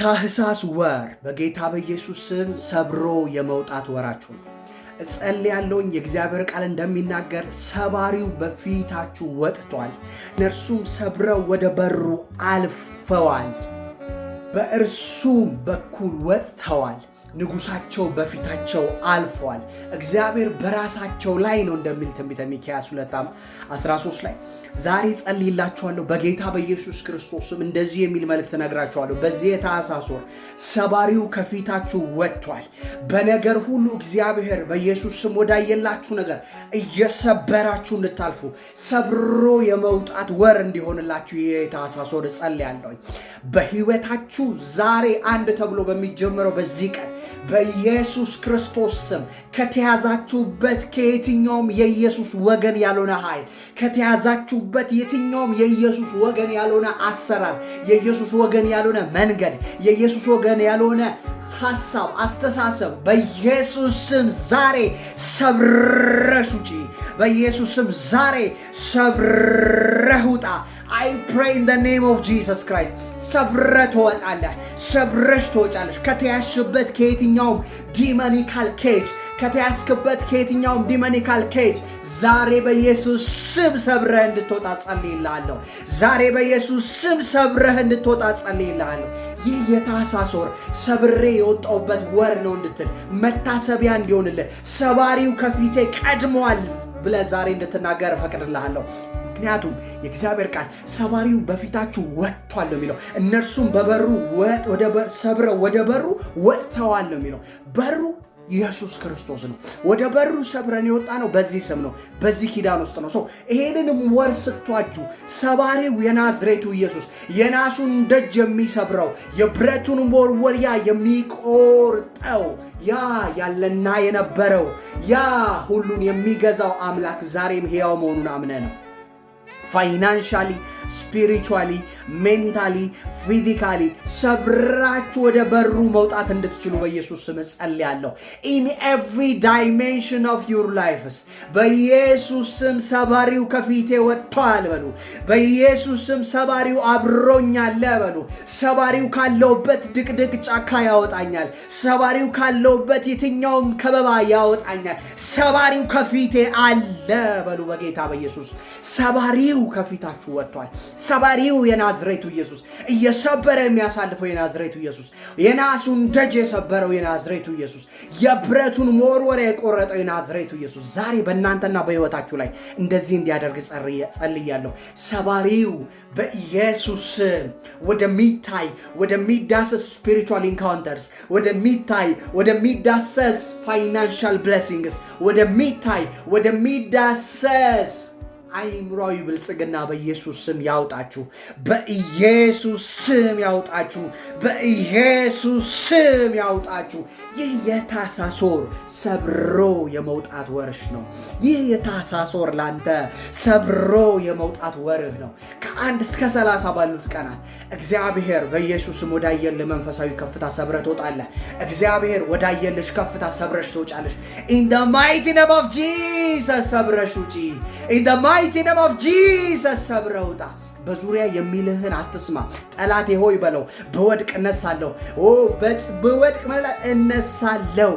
ታህሳስ ወር በጌታ በኢየሱስ ስም ሰብሮ የመውጣት ወራችሁ ነው። እጸልያለሁኝ የእግዚአብሔር ቃል እንደሚናገር ሰባሪው በፊታችሁ ወጥቷል፣ እነርሱም ሰብረው ወደ በሩ አልፈዋል፣ በእርሱም በኩል ወጥተዋል። ንጉሳቸው በፊታቸው አልፏል። እግዚአብሔር በራሳቸው ላይ ነው እንደሚል ትንቢተ ሚክያስ 13 ላይ ዛሬ ጸልይላችኋለሁ በጌታ በኢየሱስ ክርስቶስም እንደዚህ የሚል መልእክት እነግራችኋለሁ። በዚህ የታኅሳስ ወር ሰባሪው ከፊታችሁ ወጥቷል። በነገር ሁሉ እግዚአብሔር በኢየሱስ ስም ወዳየላችሁ ነገር እየሰበራችሁ እንድታልፉ ሰብሮ የመውጣት ወር እንዲሆንላችሁ ይህ የታኅሳስ ወር እጸልያለሁ። በህይወታችሁ ዛሬ አንድ ተብሎ በሚጀምረው በዚህ ቀን በኢየሱስ ክርስቶስ ስም ከተያዛችሁበት ከየትኛውም የኢየሱስ ወገን ያልሆነ ኃይል ከተያዛችሁበት የትኛውም የኢየሱስ ወገን ያልሆነ አሰራር፣ የኢየሱስ ወገን ያልሆነ መንገድ፣ የኢየሱስ ወገን ያልሆነ ሐሳብ፣ አስተሳሰብ በኢየሱስ ስም ዛሬ ሰብረሽ ውጪ። በኢየሱስ ስም ዛሬ ሰብረህ ውጣ። አይ ፕሬይ ኢን ዘ ኔም ኦፍ ጂሰስ ክራይስት ሰብረ ትወጣለህ፣ ሰብረሽ ትወጫለሽ። ከተያሽበት ከየትኛውም ዲመኒካል ኬጅ ከተያዝክበት ከየትኛውም ዲመኒካል ኬጅ ዛሬ በኢየሱስ ስም ሰብረህ እንድትወጣ ጸልይልሃለሁ። ዛሬ በኢየሱስ ስም ሰብረህ እንድትወጣ ጸልይልሃለሁ። ይህ የታህሳስ ወር ሰብሬ የወጣውበት ወር ነው እንድትል መታሰቢያ እንዲሆንልህ ሰባሪው ከፊቴ ቀድሟል ብለህ ዛሬ እንድትናገር እፈቅድልሃለሁ። ምክንያቱም የእግዚአብሔር ቃል ሰባሪው በፊታችሁ ወጥቷል ነው የሚለው። እነርሱም በበሩ ሰብረው ወደ በሩ ወጥተዋል ነው የሚለው። በሩ ኢየሱስ ክርስቶስ ነው። ወደ በሩ ሰብረን የወጣ ነው። በዚህ ስም ነው፣ በዚህ ኪዳን ውስጥ ነው። ሰው ይሄንንም ወር ስቷችሁ ሰባሪው የናዝሬቱ ኢየሱስ የናሱን ደጅ የሚሰብረው የብረቱን መወርወሪያ የሚቆርጠው ያ ያለና የነበረው ያ ሁሉን የሚገዛው አምላክ ዛሬም ሕያው መሆኑን አምነ ነው financially ስፒሪቹዋሊ፣ ሜንታሊ፣ ፊዚካሊ ሰብራችሁ ወደ በሩ መውጣት እንድትችሉ በኢየሱስ ስም ጸልያለሁ። ኢን ኤቭሪ ዳይሜንሽን ኦፍ ዩር ላይፍስ በኢየሱስ ስም ሰባሪው ከፊቴ ወጥቷል በሉ። በኢየሱስ ስም ሰባሪው አብሮኛል በሉ። ሰባሪው ካለውበት ድቅድቅ ጫካ ያወጣኛል። ሰባሪው ካለውበት የትኛውም ከበባ ያወጣኛል። ሰባሪው ከፊቴ አለ በሉ። በጌታ በኢየሱስ ሰባሪው ከፊታችሁ ወጥቷል። ሰባሪው የናዝሬቱ ኢየሱስ እየሰበረ የሚያሳልፈው የናዝሬቱ ኢየሱስ የናሱን ደጅ የሰበረው የናዝሬቱ ኢየሱስ የብረቱን ሞርወር የቆረጠው የናዝሬቱ ኢየሱስ ዛሬ በእናንተና በሕይወታችሁ ላይ እንደዚህ እንዲያደርግ ጸልያለሁ። ሰባሪው በኢየሱስ ወደሚታይ ወደሚዳሰስ ስፒሪቹዋል ኢንካውንተርስ ወደሚታይ ወደሚዳሰስ ፋይናንሻል ብለሲንግስ ወደሚታይ ወደሚዳሰስ አይምሯዊ ብልጽግና በኢየሱስ ስም ያውጣችሁ፣ በኢየሱስ ስም ያውጣችሁ፣ በኢየሱስ ስም ያውጣችሁ። ይህ የታህሳስ ወር ሰብሮ የመውጣት ወርሽ ነው። ይህ የታህሳስ ወር ላንተ ሰብሮ የመውጣት ወርህ ነው። ከአንድ እስከ ሰላሳ ባሉት ቀናት እግዚአብሔር በኢየሱስ ስም ወዳየል መንፈሳዊ ከፍታ ሰብረ ትወጣለህ። እግዚአብሔር ወዳየልሽ ከፍታ ሰብረሽ ትወጫለሽ። ኢን ማይቲ ኔም ኦፍ ጂሰስ ሰብረሽ ውጪ ኢን ማይቲ ነም ኦፍ ጂሰስ ሰብረህ ውጣ። በዙሪያ የሚልህን አትስማ። ጠላቴ ሆይ በለው። ብወድቅ እነሳለሁ። ኦ መላ እነሳለሁ።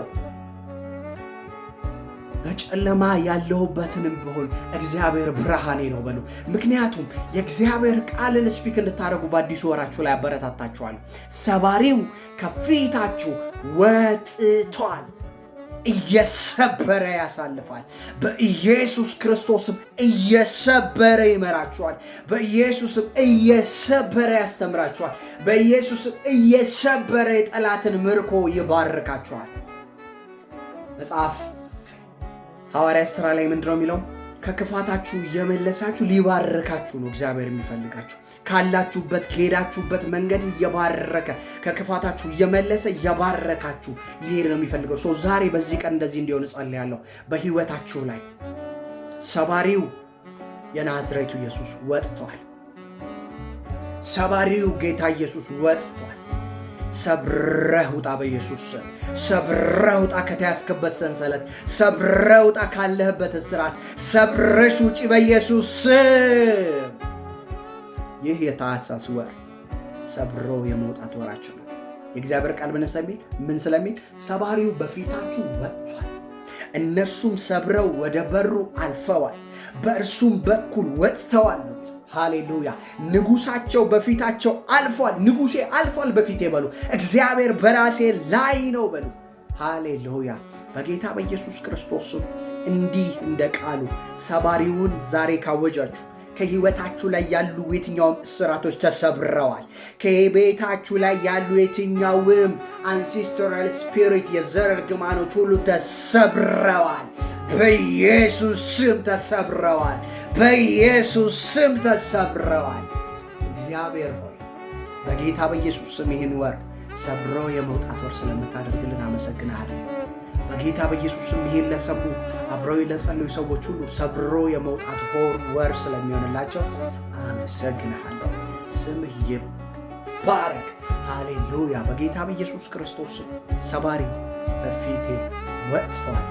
በጨለማ ያለሁበትንም ቢሆን እግዚአብሔር ብርሃኔ ነው በሉ። ምክንያቱም የእግዚአብሔር ቃልን ስፒክ እንድታደርጉ በአዲሱ ወራችሁ ላይ አበረታታችኋለሁ ሰባሪው ከፊታችሁ ወጥቷል። እየሰበረ ያሳልፋል። በኢየሱስ ክርስቶስም እየሰበረ ይመራችኋል። በኢየሱስም እየሰበረ ያስተምራችኋል። በኢየሱስም እየሰበረ የጠላትን ምርኮ ይባርካችኋል። መጽሐፍ ሐዋርያ ሥራ ላይ ምንድነው የሚለው? ከክፋታችሁ እየመለሳችሁ ሊባርካችሁ ነው እግዚአብሔር የሚፈልጋችሁ። ካላችሁበት ከሄዳችሁበት መንገድ እየባረከ ከክፋታችሁ እየመለሰ እየባረካችሁ ሊሄድ ነው የሚፈልገው ሰው። ዛሬ በዚህ ቀን እንደዚህ እንዲሆን እጸልያለሁ። በህይወታችሁ ላይ ሰባሪው የናዝሬቱ ኢየሱስ ወጥቷል። ሰባሪው ጌታ ኢየሱስ ወጥቷል። ሰብረህ ውጣ፣ በኢየሱስ ሰብረ ሰብረህ ውጣ። ከተያዝክበት ሰንሰለት ሰብረህ ውጣ። ካለህበት እስራት ሰብረሽ ውጪ በኢየሱስ ስም። ይህ የታህሳስ ወር ሰብሮ የመውጣት ወራችሁ ነው። የእግዚአብሔር ቃል ምን ስለሚል ምን ስለሚል ሰባሪው በፊታችሁ ወጥቷል፣ እነርሱም ሰብረው ወደ በሩ አልፈዋል፣ በእርሱም በኩል ወጥተዋል። ሃሌሉያ! ንጉሳቸው በፊታቸው አልፏል። ንጉሴ አልፏል በፊቴ በሉ። እግዚአብሔር በራሴ ላይ ነው በሉ። ሃሌሉያ! በጌታ በኢየሱስ ክርስቶስ እንዲህ እንደ ቃሉ ሰባሪውን ዛሬ ካወጃችሁ ከህይወታችሁ ላይ ያሉ የትኛውም እስራቶች ተሰብረዋል። ከቤታችሁ ላይ ያሉ የትኛውም አንሴስቶራል ስፒሪት የዘር እርግማኖች ሁሉ ተሰብረዋል። በኢየሱስ ስም ተሰብረዋል። በኢየሱስ ስም ተሰብረዋል። እግዚአብሔር ሆይ በጌታ በኢየሱስ ስም ይህን ወር ሰብሮ የመውጣት ወር ስለምታደርግልን አመሰግናለሁ። በጌታ በኢየሱስም ይህን ለሰሙ አብረው ለጸለዩ ሰዎች ሁሉ ሰብሮ የመውጣት ሆር ወር ስለሚሆንላቸው አመሰግንሃለሁ። ስምህ ይባረክ። ሃሌሉያ። በጌታ በኢየሱስ ክርስቶስ ሰባሪ በፊቴ ወጥቷል።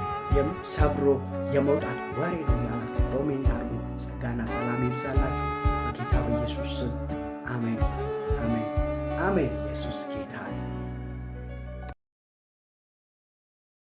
ሰብሮ የመውጣት ወሬ ነው ያላችሁ ኮሜንት አድርጉ። ጸጋና ሰላም ይብዛላችሁ። በጌታ በኢየሱስ አሜን፣ አሜን፣ አሜን። ኢየሱስ